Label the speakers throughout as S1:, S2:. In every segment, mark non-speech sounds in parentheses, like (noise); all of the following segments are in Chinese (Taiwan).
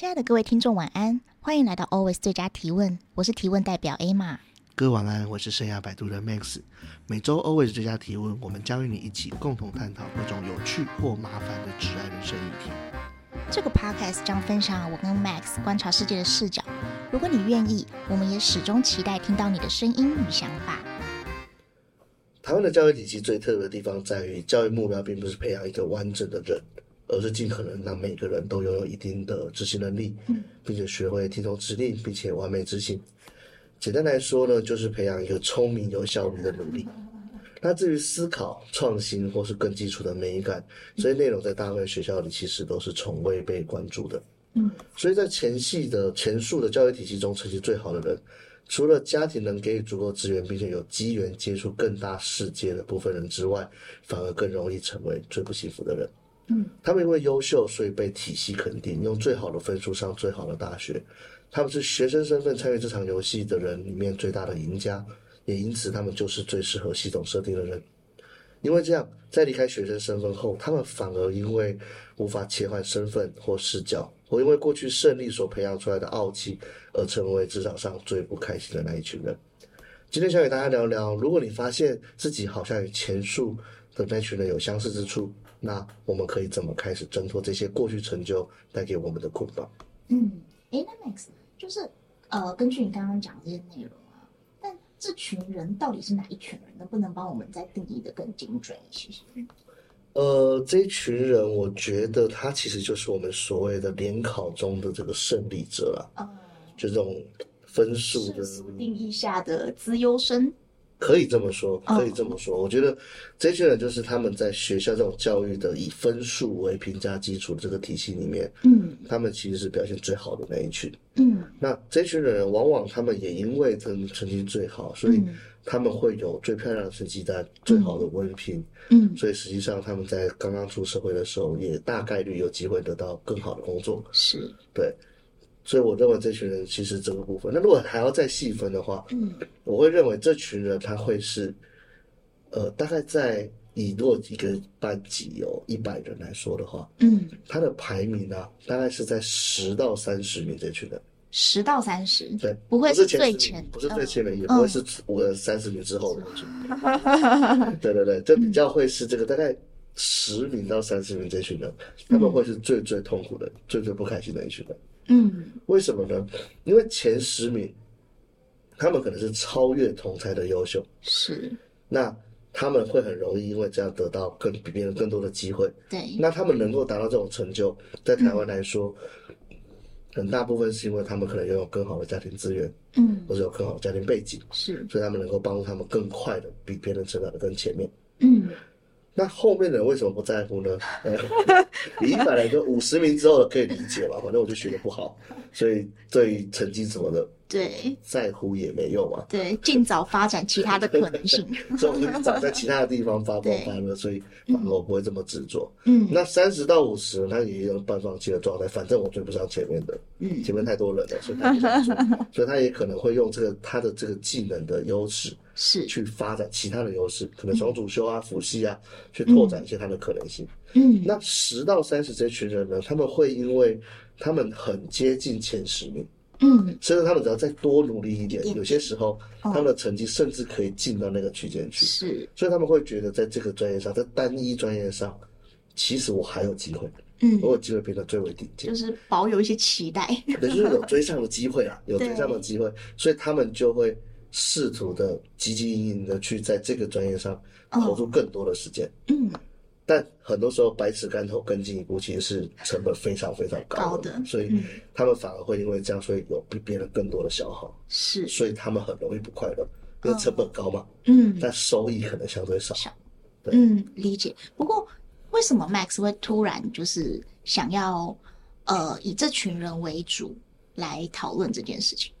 S1: 親愛的各位聽眾，晚安！歡迎來到 Always 最佳提問，我是提問代表 Emma。
S2: 各位晚安，我是生涯擺渡的 Max。每周 Always 最佳提問，我們將與你一起共同探討各種有趣或麻煩的職涯人生議題。
S1: 這個 podcast 將分享我跟 Max 觀察世界的視角。如果你願意，我們也始終期待聽到你的聲音與想法。
S2: 台灣的教育體系最特別的地方在於，教育目標並不是培養一個完整的人。而是盡可能讓每個人都擁有一定的執行能力，並且學會聽從指令，並且完美執行。簡單來說呢，就是培養一個聰明、有效率的奴隸。那至於思考、創新或是更基礎的美感這些內容，在大部分學校裡其實都是從未被關注的。所以在前述的前述的教育體系中，成績最好的人，除了家庭能給予足夠資源，並且有機緣接觸更大世界的部分人之外，反而更容易成為最不幸福的人。他們因為優秀，所以被體系肯定，用最好的分數上最好的大學。他們是學生身份參與這場遊戲的人裡面最大的贏家，也因此他們就是最適合系統設定的人。因為這樣，在離開學生身份後，他們反而因為無法切換身份或視角，或因為過去勝利所培養出來的傲氣，而成為職場上最不開心的那一群人。今天想給大家聊聊，如果你發現自己好像與前述的那群人有相似之處。那我們可以怎麼開始掙脫這些過去成就帶給我們的捆
S1: 綁？嗯，誒，那 Max 就是，呃，根據你剛剛講這些內容啊，但這群人到底是哪一群人？能不能幫我們再定義的更精準一些？
S2: 呃，這一群人，我覺得他其實就是我們所謂的聯考中的這個勝利者啊。嗯、
S1: 就
S2: 這種分數的
S1: 定義下的資優生。
S2: 可以這麼說，可以這麼說。Oh. 我覺得這群人就是他們在學校這種教育的以分數為評價基礎的這個體系裡面，嗯，他們其實是表現最好的那一群，嗯。那這群人，往往他們也因為成成績最好，所以他們會有最漂亮的成績單、最好的文憑，嗯。所以實際上，他們在剛剛出社會的時候，也大概率有機會得到更好的工作，是、嗯、對。所以我認為這群人其實這個部分。那如果還要再細分的話，嗯，我會認為這群人他會是，呃，大概在以落一個班級有一百人來說的話，嗯，他的排名呢、啊、大概是在十到三十名這群人，
S1: 十到三十，
S2: 對，不會是最前，不是,前、哦、不是最前面、哦，也不會是我三十名之後的。哈哈哈對對對，就比較會是這個大概十名到三十名這群人、嗯，他們會是最最痛苦的、嗯、最最不開心的一群人。嗯，為什麼呢？因為前十名，他們可能是超越同儕的優秀。是，那他們會很容易因為這樣得到更比別人更多的機會。對，那他們能夠達到這種成就，嗯、在台灣來說、嗯，很大部分是因為他們可能擁有更好的家庭資源，嗯，或者有更好的家庭背景，是，所以他們能夠幫助他們更快的比別人成長得更前面。嗯。那後面的人為什麼不在乎呢？ (laughs) 你一般來說五十名之後可以理解嘛，反正我就學得不好，所以對於成績什麼的，對在乎也沒用啊。
S1: 對，盡早發展其他的可能性， (laughs) 所以我早在其
S2: 他的地方發光發熱，所以我不會這麼執着。嗯，那三十到五十，他也有半放棄的狀態，嗯，反正我追不上前面的，嗯，前面太多人了，所以 (laughs) 所以他也可能會用這個他的這個技能的優勢。是去發展其他的優勢，可能雙主修啊、輔、嗯、系啊，去拓展一些他的可能性。嗯，那十到三十這群人呢，他們會因為他們很接近前十名，嗯，所以他們只要再多努力一點，嗯，有些時候他們的成績甚至可以進到那個區間去。是、嗯嗯，所以他們會覺得在這個專業上，在單一專業上，其實我還有機會。嗯，我有機會變得最為頂尖，就是
S1: 保有一些期待，對，就是有追
S2: 上的機會啊，有追上的機會，所以他們就會。試圖的，汲汲營營的去在這個專業上投入更多的時間、哦，嗯，但很多時候百尺竿頭更進一步，其實是成本非常非常高的,高的，所以他們反而會因為這樣，所以有比別人更多的消耗，是、嗯，所以他們很容易不快樂，因為成本高嘛，嗯，但收益可能相對少，嗯、對，嗯，
S1: 理解。不過為什麼 Max 會突然就是想要，呃，以這群人為主來討論這件事情？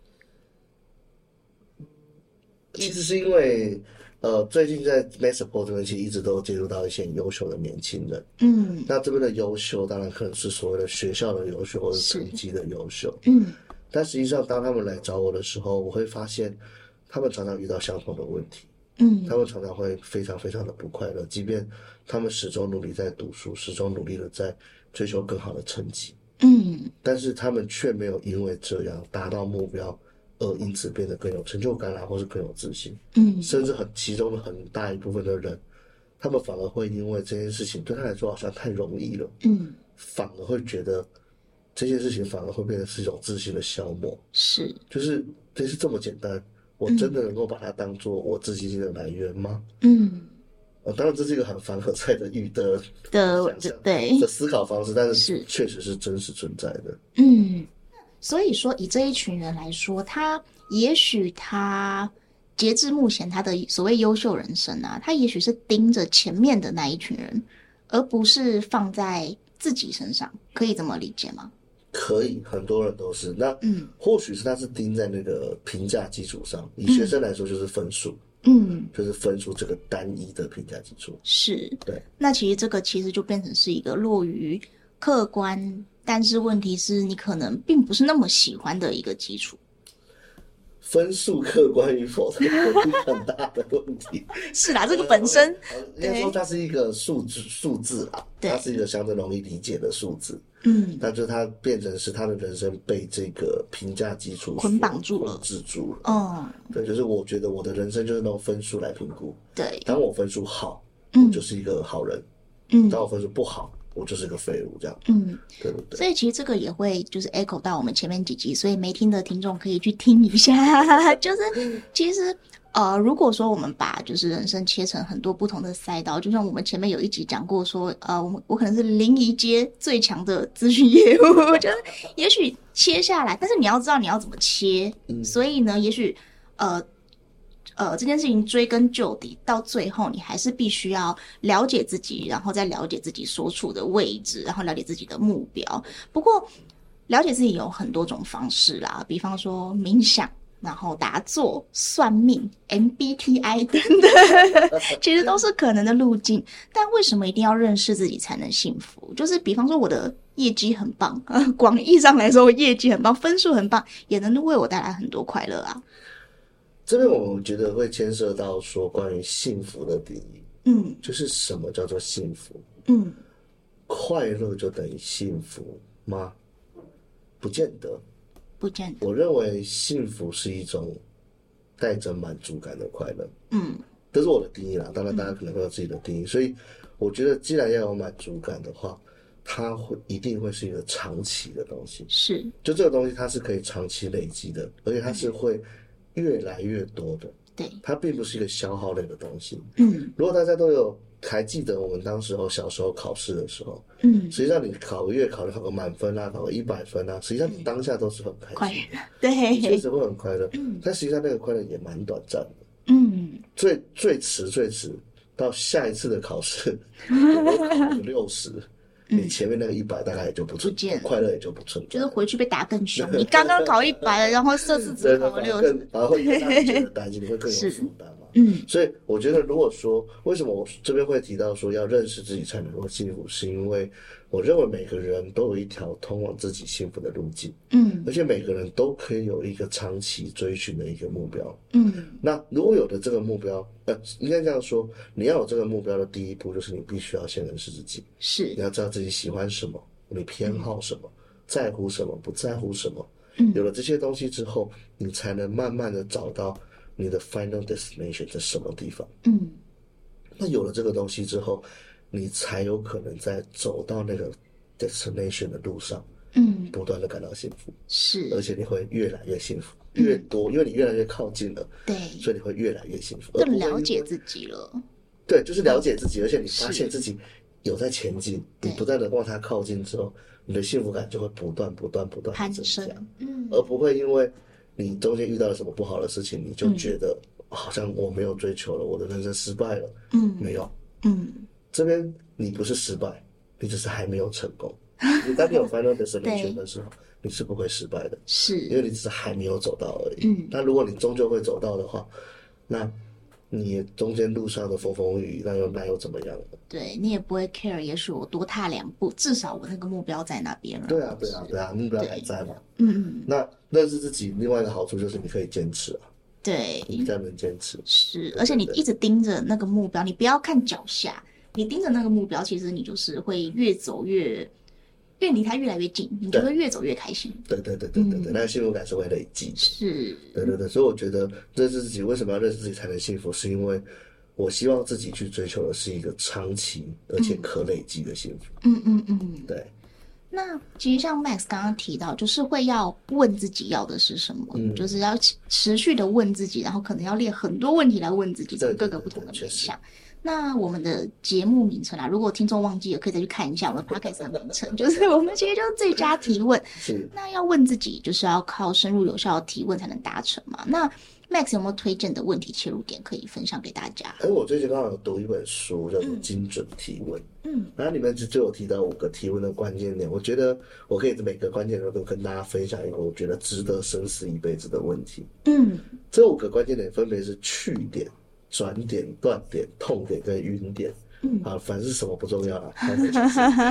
S2: 其實是因為，呃，最近在 Maxupport 這邊，其實一直都接觸到一些優秀的年輕人。嗯，那這邊的優秀，當然可能是所謂的學校的優秀或者成績的優秀。嗯，但實際上，當他們來找我的時候，我會發現，他們常常遇到相同的問題。嗯，他們常常會非常非常的不快樂，即便他們始終努力在讀書，始終努力的在追求更好的成績。嗯，但是他們卻沒有因為這樣達到目標。呃，因此變得更有成就感，啊，然或是更有自信。嗯，甚至很其中的很大一部分的人，他們反而會因為這件事情對他來說好像太容易了。嗯，反而會覺得這件事情反而會變得是一種自信的消磨。是，就是這是這麼簡單，我真的能夠把它當做我自信心的來源嗎？嗯、啊，當然這是一個很凡爾賽的語的的對的思考方式，是但是是確實是真實存在的。嗯。
S1: 所以說，以這一群人來說，他也許他截至目前他的所謂優秀人生啊，他也許是盯着前面的那一群人，而不是放在自己身上，可以這麼理解嗎？
S2: 可以，很多人都是。那嗯，或許是他是盯在那個評價基礎上，嗯，以學生來說就是分數，嗯，就是分數這個單一的評價基礎。
S1: 是。對。那其實這個其實就變成是一個落於客觀。但是問題是你可能並不是那麼喜歡的一個基礎，分數客觀與否是 (laughs) 很大的問題。 (laughs) 是啦、啊，這個本身應該、呃 okay, 說它是一個數
S2: 字，數字啊，對，它是一個相對容易理解的數字。嗯，那就它變成是他的人生被這個評價基礎綑綁住了，制住了。Oh. 對，就是我覺得我的人生就是用分數來評估。對，當我分數好、嗯，我就是一個好人。嗯，當我分數不好。我就是個廢物，這樣，嗯，對對？
S1: 所以其實這個也會就是 echo 到我們前面幾集，所以沒聽的聽眾可以去聽一下。 (laughs) 就是其實呃，如果說我們把就是人生切成很多不同的賽道，就像我們前面有一集講過說，呃，我們我可能是臨沂街最強的資訊業務，我、 (laughs) 就是得也許切下來，但是你要知道你要怎麼切。嗯、所以呢，也許呃。呃，這件事情追根究底，到最後你還是必須要了解自己，然後再了解自己所處的位置，然後了解自己的目標。不過，了解自己有很多種方式啦，比方說冥想，然後打坐、算命、MBTI 等等， (laughs) 其實都是可能的路徑。但為什麼一定要認識自己才能幸福？就是比方說我的業績很棒，廣義上來說，我業績很棒，分數很棒，也能為我帶來很多快樂啊。
S2: 這邊我覺得會牽涉到說關於幸福的定義，嗯，就是什麼叫做幸福？嗯，快樂就等於幸福嗎？不見得，不見得。我認為幸福是一種帶着滿足感的快樂，嗯，這是我的定義啦。當然，大家可能會有自己的定義，嗯，所以我覺得，既然要有滿足感的話，它會一定會是一個長期的東西，是，就這個東西它是可以長期累積的，而且它是會。越來越多的，對，它並不是一個消耗類的東西。嗯，如果大家都有還記得我們當時候小時候考試的時候，嗯，實際上你考個月考，考個滿分啊，考個一百分啊，實際上你當下都是很開心
S1: 的，對、嗯，確實
S2: 會很快樂。嗯，但實際上那個快樂也蠻短暫的。嗯，最最遲最遲到下一次的考試，
S1: 嗯、
S2: 考六十。你、嗯、前面那個一百大概也就不錯，快樂也就不錯，就是回去被打更凶。 (laughs) 你剛剛考
S1: 一百， (laughs) 然後設置只考了六十，
S2: 然後回去打，覺得擔心你會更重。嗯，所以我覺得，如果說為什麼我這邊會提到說要認識自己才能夠幸福，是因為我認為每個人都有一條通往自己幸福的路徑。嗯，而且每個人都可以有一個長期追尋的一個目標。嗯，那如果有了這個目標，呃，應該這樣說，你要有這個目標的第一步就是你必須要先認識自己。是，你要知道自己喜歡什麼，你偏好什麼，嗯、在乎什麼，不在乎什麼、嗯。有了這些東西之後，你才能慢慢的找到。你的 final destination 在什麼地方？嗯，那有了這個東西之後，你才有可能在走到那個 destination 的路上，嗯，不斷的感到幸福，是，而且你會越來越幸福，嗯，越多，因為你越來越靠近了，對，所以你會越來越幸福，更了解自
S1: 己了，
S2: 對，就是了解自己，哦，而且你發現自己有在前進，你不斷的往他靠近之後，你的幸福感就會不斷、不斷、不斷
S1: 攀升，嗯，而
S2: 不會因為，你中間遇到了什麼不好的事情，你就覺得好像我沒有追求了，我的人生失敗了。嗯，沒有，嗯，這邊你不是失敗，你只是還沒有成功。你當你有 financial security 的時候，你是不會失敗的，是，因為你只是還沒有走到而已。嗯，那如果你終究會走到的話，那。你中間路上的風風雨雨，那又那又怎麼樣了？
S1: 對你也不會 care。也許我多踏兩步，至少我那個目標在那邊了。啊，對啊，對啊，
S2: 對啊，目標還在嘛。嗯嗯。那認識自己另外一個好處，就是你可以堅持啊。
S1: 對，你應該
S2: 能堅持。是，而且你一
S1: 直盯着那個目標，你不要看腳下，你盯着那個目標，其實你就是會越走越。越離他越來越近，你就會越走越開心。
S2: 對對對對對、嗯、那個、幸福感是會累積。是、嗯。對對對，所以我覺得認識自己，為什麼要認識自己才能幸福？是因為我希望自己去追求的是一個長期而且可累積的幸福。嗯
S1: 嗯嗯。對、嗯嗯。那其實像 Max 剛剛提到，就是會要問自己要的是什麼，嗯、就是要持續的問自己，然後可能要列很多問題來問自己，是各個不同的面向。那我們的節目名稱啊，如果聽眾忘記也可以再去看一下我們的 podcast 的名稱， (laughs) 就是我們其實就是最佳提問。是，那要問自己，就是要靠深入有效的提問才能達成嘛。那 Max 有沒有推薦的問題切入點可以分享給大家？
S2: 哎，我最近剛好有讀一本書，叫做《精準提問》。嗯，然後裡面就有提到五個提問的關鍵點，我覺得我可以每個關鍵點都跟大家分享一個我覺得值得深思一輩子的問題。嗯，這五個關鍵點分別是去點、轉點、斷點、痛點跟暈點，嗯，啊，反正是什麼不重要了，啊，反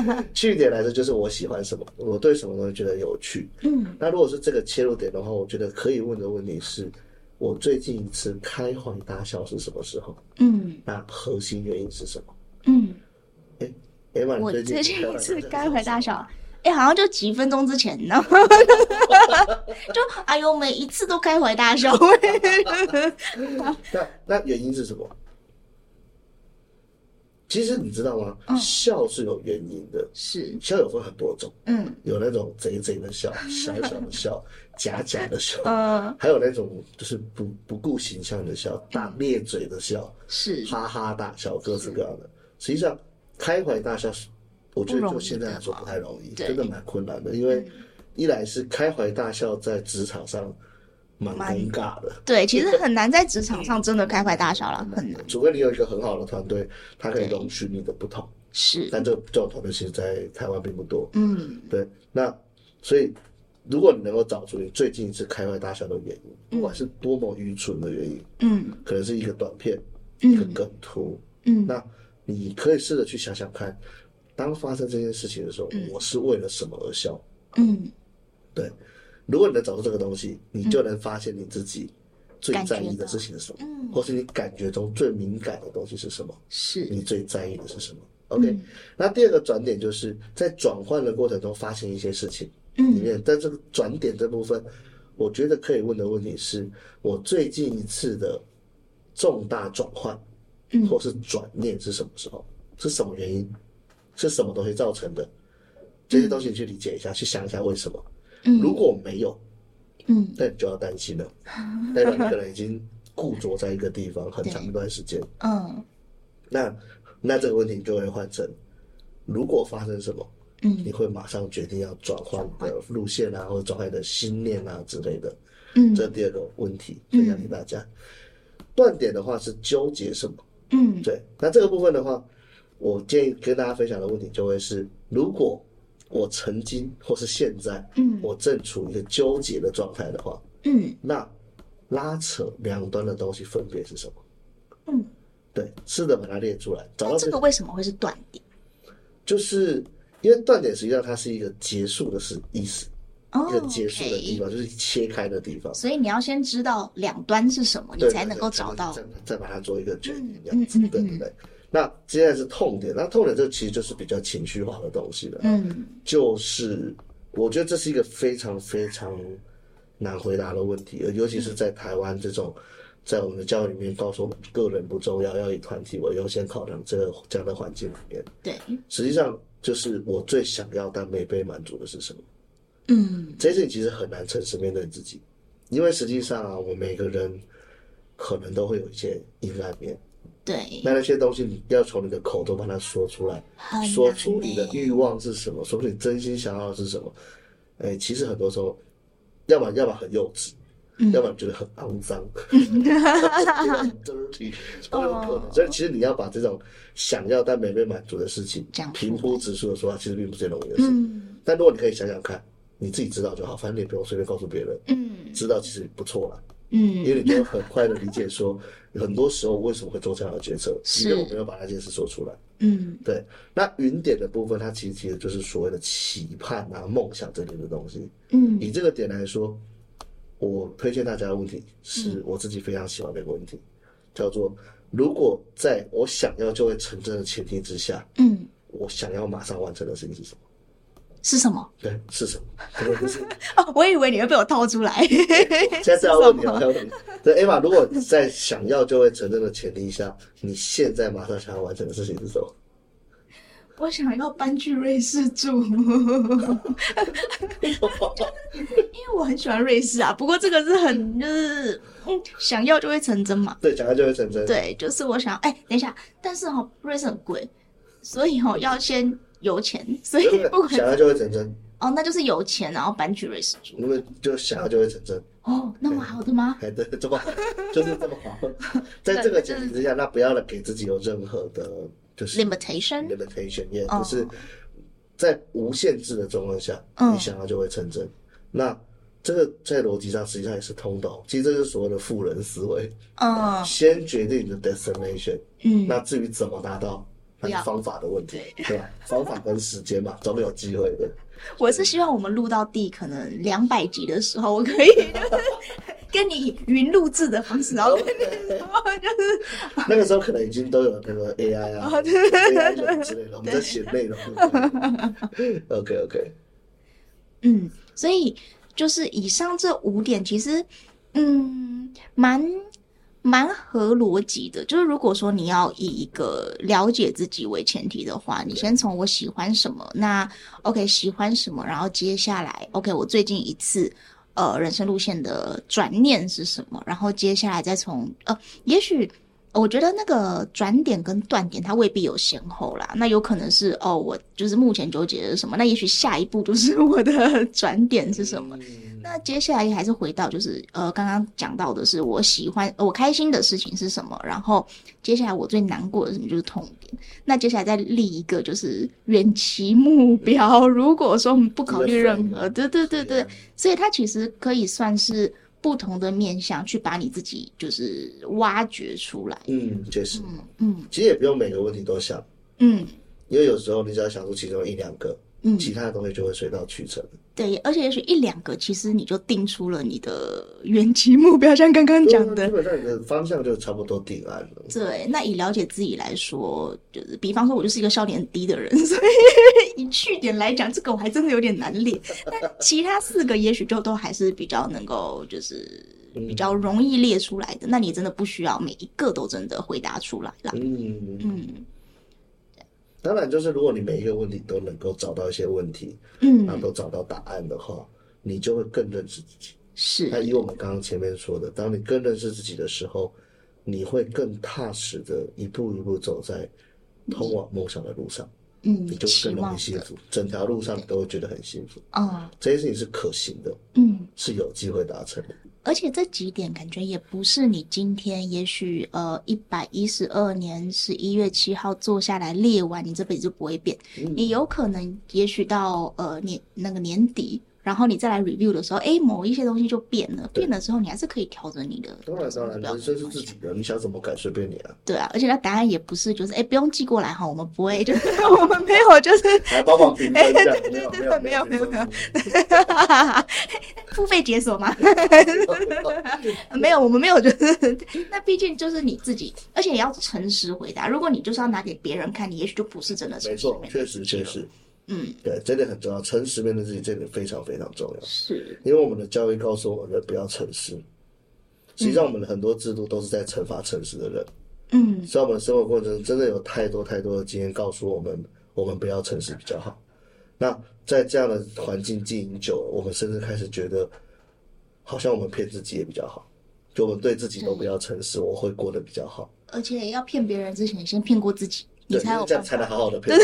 S2: 正趣點來說，就是我喜歡什麼，我對什麼東西覺得有趣。嗯，那如果是這個切入點的話，我覺得可以問的問題是：我最近一次開懷大笑是什麼時候？嗯，那、啊、核心原因是什麼？嗯，
S1: 哎、欸，哎、欸，我最近一次開懷大笑。哎，好像就幾分鐘之前呢， (laughs) 就哎呦，每一次都開懷大笑。 (laughs) (laughs) (laughs) 那
S2: 那原因是什麼？其實你知道嗎？嗯、笑是有原因的，是笑有分很多種，嗯，有那種賊賊的笑、小小的笑、 (laughs) 假假的笑，嗯，還有那種就是不不顧形象的笑、大咧嘴的笑，是哈哈大笑各式各樣的。實際上，開懷大笑是。我覺得就現在來說不太容易，容易的真的蠻困難的。因為一來是開懷大笑在職場上蠻尷尬的對，
S1: 對，其實很難在職場上真的開懷大笑了，嗯，很
S2: 難。除非你有一個很好的團隊，嗯，它可以容許你的不同，是，但這這種團隊其實，在台灣並不多。嗯，對。那所以，如果你能夠找出你最近一次開懷大笑的原因，嗯，不管是多麼愚蠢的原因，嗯，可能是一個短片，嗯，一個梗圖，嗯，那你可以試着去想想看。當發生這件事情的時候，嗯、我是為了什麼而笑？嗯，對。如果你能找到這個東西，你就能發現你自己最在意的事情是什麼，嗯、或是你感覺中最敏感的東西是什麼，是你最在意的是什麼。OK、嗯。那第二個轉點就是在轉換的過程中發現一些事情裡面，但、嗯、這個轉點這部分，我覺得可以問的問題是：我最近一次的重大轉換，或是轉念是什麼時候？嗯、是什麼原因？是什麼東西造成的？這些東西你去理解一下、嗯，去想一下為什麼、嗯。如果沒有，嗯，那你就要擔心了。代表你可能已經固着在一個地方很長一段時間。嗯，那那這個問題就會換成、嗯，如果發生什麼，嗯，你會馬上決定要轉換的路線啊，或者轉換的心念啊之類的。嗯，這個、第二個問題分享給大家。斷、嗯、點的話是糾結什麼？嗯，對，那這個部分的話。我建議跟大家分享的問題就會是：如果我曾經或是現在，嗯，我正處於一個糾結的狀態的話，嗯，那拉扯兩端的東西分別是什麼？嗯，對，試着把它列出來，找到這個，這個為
S1: 什麼會是斷點？
S2: 就是因為斷點實際上它是一個結束的意思，
S1: 哦，一個結
S2: 束的地方，okay, 就是切開的地方。所
S1: 以你要先知道兩端是什麼，你才能夠找到再
S2: 再，再把它做一個決定這樣子結、嗯。對、嗯嗯、對。嗯對那接下來是痛點，那痛點這其實就是比較情緒化的東西了。嗯，就是我覺得這是一個非常非常難回答的問題，尤其是在台灣這種在我們的教育裡面，告訴我們個人不重要，要以團體為優先考量這個這樣的環境裡面。對，嗯，實際上就是我最想要但沒被滿足的是什麼？嗯，這些事情其實很難誠實面對自己，因為實際上啊，我們每個人可能都會有一些陰暗面。對，那那些東西，你要從你的口中把它說出來，說出你的慾望是什麼，說出你真心想要的是什麼。哎，其實很多時候，要麼要麼很幼稚，嗯、要麼覺得很骯髒，哈哈哈哈哈，覺得很 dirty。所以其實你要把這種想要但沒被滿足的事情，平鋪直敘的說，其實並不是很容易的事。嗯。但如果你可以想想看，你自己知道就好，反正你也不用隨便告訴別人。嗯，知道其實不錯了。嗯，因為你就很快的理解說，很多時候為什麼會做這樣的決策， (laughs) 是因為我沒有把那件事說出來。嗯，對。那雲點的部分，它其實其實就是所謂的期盼啊、夢想這類的東西。嗯，以這個點來說，我推薦大家的問題，是我自己非常喜歡的那個問題，嗯，叫做如果在我想要就會成真的前提之下，嗯，我想要馬上完成的事情是什麼？是什麼？對，是什麼？是什麼？
S1: 是什麼 (laughs) 哦，我以為你會被我套出來。現在再問你啊，
S2: 對，Emma，如果在想要就會成真的前提下，你現在馬上想要完成的事情是什麼？
S1: 我想要搬去瑞士住， (laughs) (laughs) (laughs) (laughs) 因為我很喜歡瑞士啊。不過這個是很就是、嗯，想要就會成真嘛。
S2: 對，想要就會成真。對，
S1: 就是我想，哎、欸，等一下，但是哈、哦，瑞士很貴，所以哈、哦，要先。有錢，所以不可能，對不對？想要就會成真哦？那就是有錢，然後搬去瑞士，那麼就想要就會成真哦，那麼好的嗎？對，這麼就是這麼好，
S2: 在這個前提之下、 (laughs) 就是，那不要給自己有任何的，就是 limitation，limitation，也就是在無限制的狀況下，嗯、哦，你想要就會成真、哦，那這個在邏輯上實際上也是通道。其實這是所謂的富人思維，
S1: 嗯、哦，
S2: 先決定你的 destination，嗯，那至於怎麼達到。方法的問
S1: 題，對，方法跟時間嘛， (laughs) 總有機會的。我是希望我們錄到第可能兩百集的時候，我可以就是跟你雲錄制的方式， (laughs) okay、然後就是那個
S2: 時候可能已經都有那個 AI 啊 (laughs) AI 之類的， (laughs) 我們在
S1: 寫內容。 (laughs) 對 (laughs) OK OK。嗯，所以就是以上這五點，其實嗯蠻。蠻合邏輯的，就是如果說你要以一個了解自己為前提的話，你先從我喜歡什麼，那 OK 喜歡什麼，然後接下來 OK 我最近一次呃人生路線的轉念是什麼，然後接下來再從呃，也許。哦、我覺得那個轉點跟斷點，它未必有先後啦。那有可能是哦，我就是目前糾結的是什麼？那也許下一步就是我的轉點是什麼？嗯、那接下來還是回到就是呃，剛剛講到的是我喜歡我開心的事情是什麼？然後接下來我最難過的什麼就是痛點。那接下來再立一個就是遠期目標。嗯、如果說我們不考慮任何，對對對對，所以它其實可以算是。不同的面向，去把你自己就是挖掘出來。
S2: 嗯，嗯，確實。嗯嗯，其實也不用每個問題都想。嗯，因為有時
S1: 候你只要想出其中一兩個，嗯，其他的東西就會水到渠成。對，而且也許一兩個，其實你就定出了你的遠期目標，像剛剛講的，基本上你的方向就差不多定安案了。對，那以了解自己來說，就是比方說，我就是一個笑點低的人，所以以據 (laughs) 點來講，這個我還真的有點難列。但其他四個，也許就都還是比較能夠，就是比較容易列出來的，嗯。那你真的不需要每一個都真的回答出來了，嗯嗯嗯。嗯。
S2: 當然，就是如果你每一個問題都能夠找到一些問題，嗯，然、啊、後都找到答案的話，你就會更認識自己。是。那以我們剛剛前面說的，當你更認識自己的時候，你會更踏實的一步一步走在通往夢想的路上。嗯。嗯，你就更容易幸福，整條路上都會覺得很幸福。啊、嗯。這些事情是可行的。嗯。是有機會達成的。
S1: 而且這幾點感覺也不是你今天也，也許呃，一百一十二年十一月七號坐下來列完，你這輩子就不會變。嗯、你有可能也，也許到呃年那個年底。然後你再來 review 的時候，哎，某一些東西就變了。變了之後，你還是可以調整你的。當然
S2: 當然，人生是自己的，你想怎麼改隨便你
S1: 啊。對啊，而且他答案也不是，就是哎，不用寄過來哈，我們不會， (laughs) 就是我們沒有，就是。 (laughs) 來幫忙評論一下 (laughs) 對對對，對，對，沒有沒有沒有。沒有沒有沒有沒有 (laughs) 付費解鎖嗎？ (laughs) (laughs) (laughs) 沒有，我們沒有，就是那 (laughs) 畢竟就是你自己，而且也要誠實回答。如果你就是要拿給別人看，你也許就不是真的是沒。
S2: 沒錯，確實確實。嗯，對，這點很重要，誠實面對自己，這點非常非常重要。是，因為我們的教育告訴我們不要誠實。嗯、實際上，我們的很多制度都是在懲罰誠實的人。嗯，在我們生活過程中，真的有太多太多的經驗告訴我們，我們不要誠實比較好，嗯。那在這樣的環境經營久了，我們甚至開始覺得，好像我們騙自己也比較好，就我們對自己都不要誠實，嗯、我會過得比較好。
S1: 而且要騙別人之前，先騙過自己。對，
S2: 這樣才能好好的配合。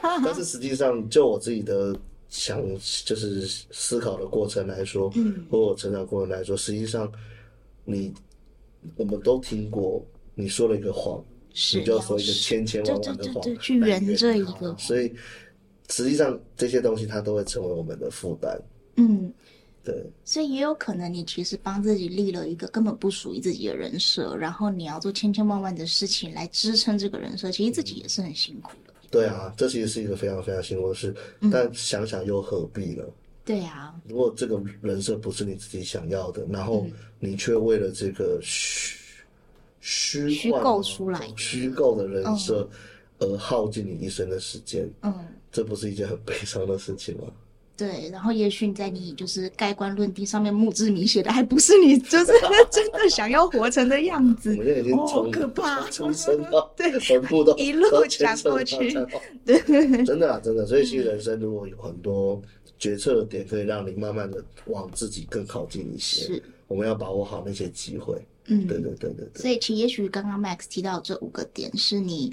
S1: (laughs) 但是實
S2: 際上，就我自己的想，就是思考的過程來說，嗯，或我成長過程來說，實際上你，我們都聽過，你說了一個謊，你就要說一個千千萬萬的謊
S1: 去圓這一個，
S2: 啊、所以實際上這些東西它都會成為我們的負擔。嗯。對，
S1: 所以也有可能你其實幫自己立了一個根本不屬於自己的人設，然後你要做千千萬萬的事情來支撐這個人設，其實自己也是很辛苦的。
S2: 嗯，對啊，這其實是一個非常非常辛苦的事，嗯，但想想又何必呢？嗯，
S1: 對啊，
S2: 如果這個人設不是你自己想要的，然後你卻為了這個虛虛虛構出來、虛構的人設而耗盡你一生的時間，嗯，這不是一件很悲傷的事情嗎？
S1: 對，然後也許你在你就是蓋棺論定上面墓誌銘寫的還不是你，就是真的想要活成的樣子， (laughs) 我已經哦、好可怕，重生啊， (laughs) 對，全部都一路打過去，對、嗯，
S2: 真的啊，真的，所以其實人生如果有很多決策的點，可以讓你慢慢的往自己更靠近一些，是，我們要把握好那些機會，嗯，對對對對對，所
S1: 以其實也許剛剛 Max 提到這五個點是你。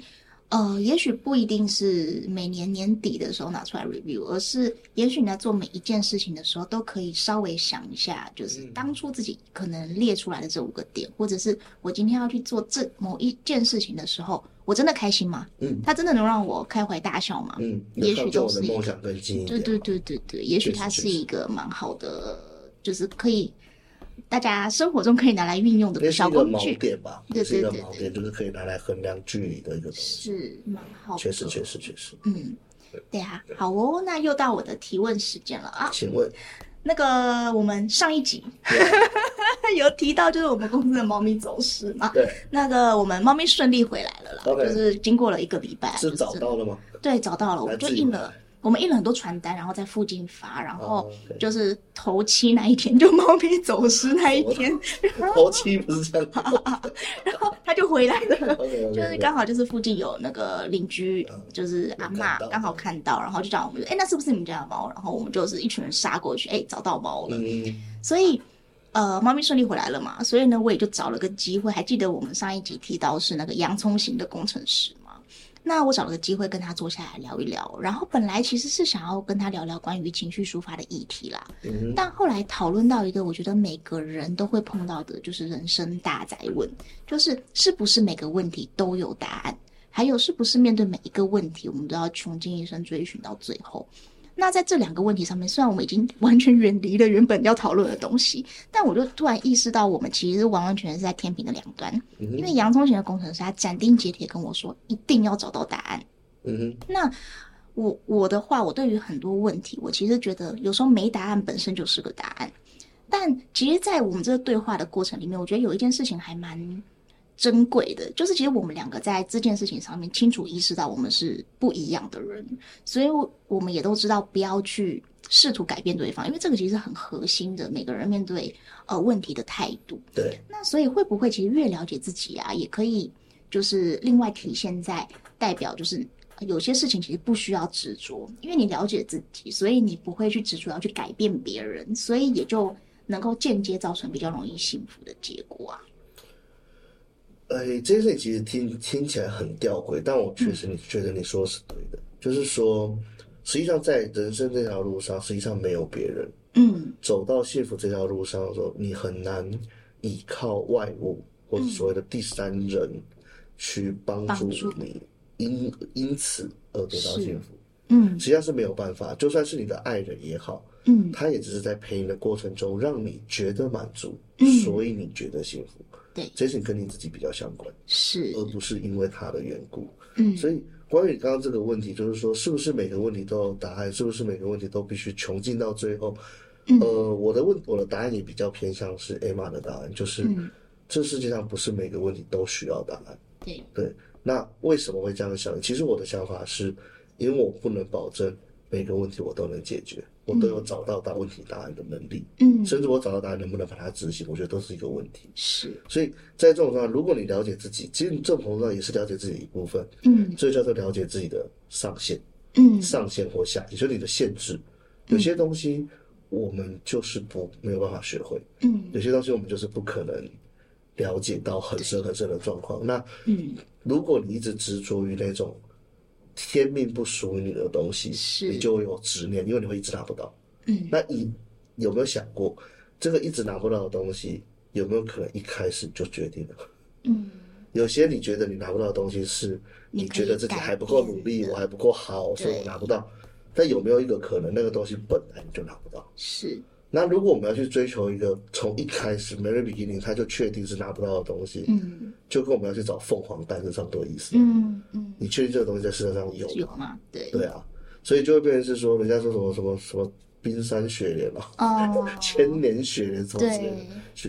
S1: 呃，也許不一定是每年年底的時候拿出來 review，而是也許你在做每一件事情的時候，都可以稍微想一下，就是當初自己可能列出來的這五個點，嗯、或者是我今天要去做這某一件事情的時候，我真的開心嗎？嗯，他真的能讓我開懷大笑嗎？嗯，也許都是夢想、嗯、對、對對對對對，也許它是一個蠻好的，就是可以。大家生活中可以拿來運用的小工具。是一個錨點吧，對對對對，是一個錨
S2: 點，就是可以拿來衡量距離的一個東西，是
S1: 蠻好的，確實確實確實，嗯，對啊對，好哦，那又到我的提問時間了啊，請問，那個我們上一集 (laughs) 有提到就是我們公司的貓咪走失嘛，對，那個我們貓咪順利回來了啦，就是經過了一個禮拜、啊，是找到了嗎？對，找到了，我就應了。我們印了很多傳單，然後在附近發，然後就是頭七那一天，就貓咪走失那一天，哦、然後頭七不是哈哈，然後他就回來了、哦，就是剛好就是附近有那個鄰居，哦、就是阿嬤剛好看到，看到然後就找我們，哎，那是不是你們家的貓？然後我們就是一群人殺過去，哎，找到貓了，所以呃，貓咪順利回來了嘛。所以呢，我也就找了個機會，還記得我們上一集提到是那個洋蔥型的工程師。那我找了個機會跟他坐下來聊一聊，然後本來其實是想要跟他聊聊關於情緒抒發的議題啦，嗯，但後來討論到一個我覺得每個人都會碰到的，就是人生大哉問，就是是不是每個問題都有答案，還有是不是面對每一個問題，我們都要窮盡一生追尋到最後。那在這兩個問題上面，雖然我們已經完全遠離了原本要討論的東西，但我就突然意識到，我們其實完完全全是在天平的兩端。因為洋蔥型的工程師，他斬釘截鐵跟我說，一定要找到答案。嗯哼。那我我的話，我對於很多問題，我其實覺得有時候沒答案本身就是個答案。但其實，在我們這個對話的過程裡面，我覺得有一件事情還蠻。珍貴的，就是其實我們兩個在這件事情上面清楚意識到我們是不一樣的人，所以我們也都知道不要去試圖改變對方，因為這個其實很核心的，每個人面對呃問題的態度。對，那所以會不會其實越了解自己啊，也可以就是另外體現在代表就是有些事情其實不需要執着，因為你了解自己，所以你不會去執着要去改變別人，所以也就能夠間接造成比較容易幸福的結果啊。
S2: 哎、欸，這些事其實聽聽起來很吊詭，但我確實你，你、嗯、覺得你說的是對的，就是說，實際上在人生這條路上，實際上沒有別人。嗯，走到幸福這條路上的時候，你很難依靠外物或者所謂的第三人、嗯、去幫助你，助因因此而得到幸福。嗯，實際上是沒有辦法，就算是你的愛人也好，嗯，他也只是在陪你的過程中讓你覺得滿足，嗯、所以你覺得幸福。Jason 跟你自己比較相關，是，而不是因為他的緣故。嗯，所以關於剛剛這個問題，就是說，是不是每個問題都有答案？是不是每個問題都必須窮盡到最後、嗯？呃，我的問，我的答案也比較偏向是 Emma 的答案，就是、嗯、這世界上不是每個問題都需要答案。對、嗯，對。那為什麼會這樣想？其實我的想法是，因為我不能保證每個問題我都能解決。我都有找到答問題答案的能力，嗯，甚至我找到答案能不能把它執行，我覺得都是一個問題。是，所以在這種狀況，如果你了解自己，其實這種狀態也是了解自己一部分，嗯，這叫做了解自己的上限，嗯，上限或下，也就是你的限制。有些東西我們就是不沒有辦法學會，嗯，有些東西我們就是不可能了解到很深很深的狀況。那，嗯，如果你一直執着於那種。天命不屬於你的東西，你就有執念，因為你會一直拿不到。嗯，那你有沒有想過，這個一直拿不到的東西，有沒有可能一開始就決定了？嗯，有些你覺得你拿不到的東西，是你覺得自己還不夠努力，我還不夠好，所以我拿不到。但有沒有一個可能，那個東西本來你就拿不到？嗯、是。那如果我們要去追求一個從一開始，Mary beginning，他就確定是拿不到的東西，嗯，就跟我們要去找鳳凰蛋是差不多意思，嗯嗯。你確定這個東西在世界上有？有嗎？對，對啊，所以就會變成是說，人家說什麼什麼什麼冰山雪蓮嘛，
S1: 哦、 (laughs) 千年
S2: 雪蓮草之類的，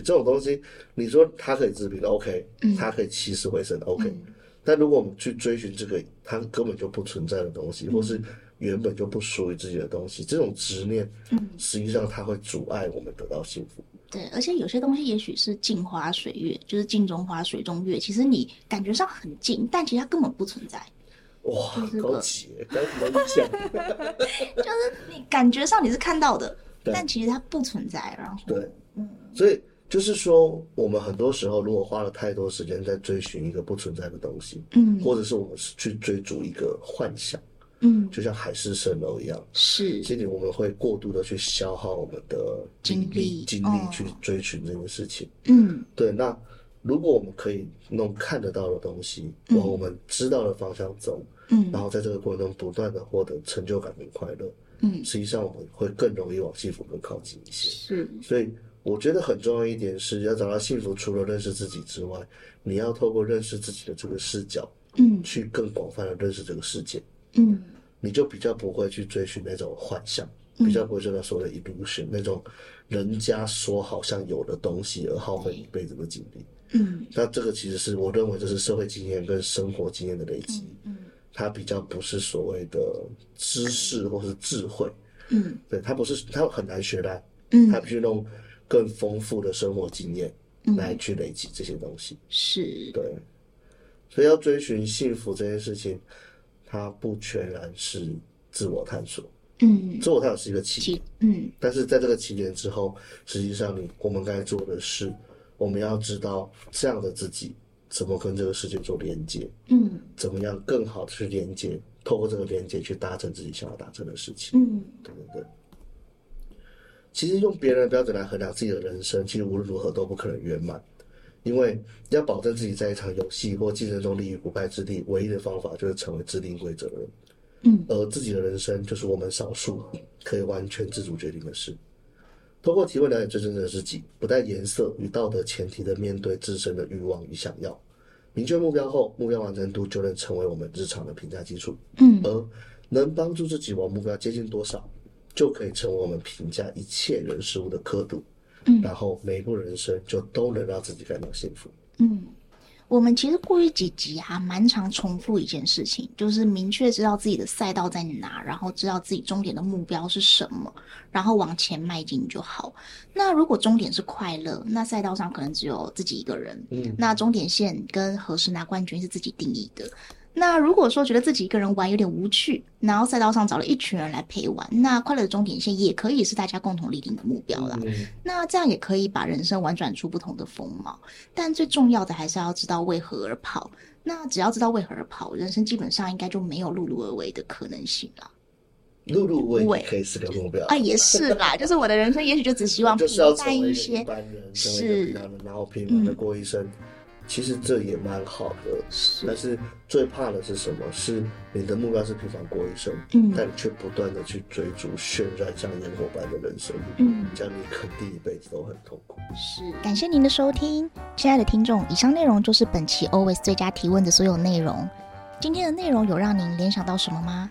S2: 這種東西，你說它可以治病，OK，它可以起死回生，OK，嗯、但如果我們去追尋這個它根本就不存在的東西，嗯、或是。原本就不屬於自己的東西，這種執念，實際上它會阻礙我們
S1: 得到幸福。嗯、對，而且有些東西也許是鏡花水月，就是鏡中花水中月。其實你感覺上很近，但其實它根本不存在。
S2: 哇，高級，就是，高級，怎麼講 (laughs) 就是
S1: 你感覺上你是看到的， (laughs) 但其實它不存在。
S2: 然後，對，嗯，所以就是說，我們很多時候如果花了太多時間在追尋一個不存在的東西，嗯，或者是我們去追逐一個幻想。嗯，就像海市蜃樓一樣，是，心裡我們會過度的去消耗我們的精力、精力，精力去追尋這件事情。嗯，對。那如果我們可以弄看得到的東西往我們知道的方向走，嗯，然後在這個過程中不斷的獲得成就感跟快樂，嗯，實際上我們會更容易往幸福更靠近一些。是，所以我覺得很重要一點是要找到幸福，除了認識自己之外，你要透過認識自己的這個視角，嗯，去更廣泛的認識這個世界。嗯，你就比較不會去追尋那種幻想，嗯，比較不會像他說的 illusion、嗯、那種，人家說好像有的東西而耗費一輩子的精力。嗯，那這個其實是我認為這是社會經驗跟生活經驗的累積。嗯，他、嗯、比較不是所謂的知識或是智慧。嗯，對，他不是，他很難學來，嗯，他必須弄更豐富的生活經驗來去累積這些東西。是、嗯。對是，所以要追尋幸福這件事情，它不全然是自我探索，嗯，自我探索是一個起點，嗯，但是在這個起點之後，實際上你，我們該做的是，我們要知道這樣的自己怎麼跟這個世界做連接，嗯，怎麼樣更好的去連接，透過這個連接去達成自己想要達成的事情，嗯，對對對，嗯。其實用別人的標準來衡量自己的人生，其實無論如何都不可能圓滿。因為要保證自己在一場遊戲或競爭中立於不敗之地，唯一的方法就是成為制定規則的人。嗯，而自己的人生就是我們少數可以完全自主決定的事。通過提問了解最真正的自己，不帶顏色與道德前提的面對自身的慾望與想要，明確目標後，目標完成度就能成為我們日常的評價基礎。嗯，而能幫助自己往目標接近多少，就可以成為我們評價一切人事物的刻度。然後每個人生就都能讓自己感到幸福。
S1: 嗯，我們其實過去幾集啊，蠻常重複一件事情，就是明確知道自己的賽道在哪，然後知道自己終點的目標是什麼，然後往前邁進就好。那如果終點是快樂，那賽道上可能只有自己一個人。嗯，那終點線跟何時拿冠軍是自己定義的。那如果說覺得自己一個人玩有點無趣，然後賽道上找了一群人來陪玩，那快樂的終點線也可以是大家共同立定的目標啦、嗯。那這樣也可以把人生玩轉出不同的風貌。但最重要的還是要知道為何而跑。那只要知道為何而跑，人生基本上應該就沒有碌碌而為的可能性了。碌碌無為可以是個目標啊，也是啦。 (laughs) 就是我的人生也許就只希望，平淡一些是，一一是，一是，
S2: 然後平穩的過一生。嗯其實這也蠻好的，但是最怕的是什麼？是你的目標是平凡過一生，嗯、但卻不斷的去追逐絢爛像煙火般的人生，嗯、這樣你肯定一輩子都很痛苦。是，
S1: 感謝您的收聽，親愛的聽眾，以上內容就是本期 always 最佳提問的所有內容。今天的內容有讓您聯想到什麼嗎？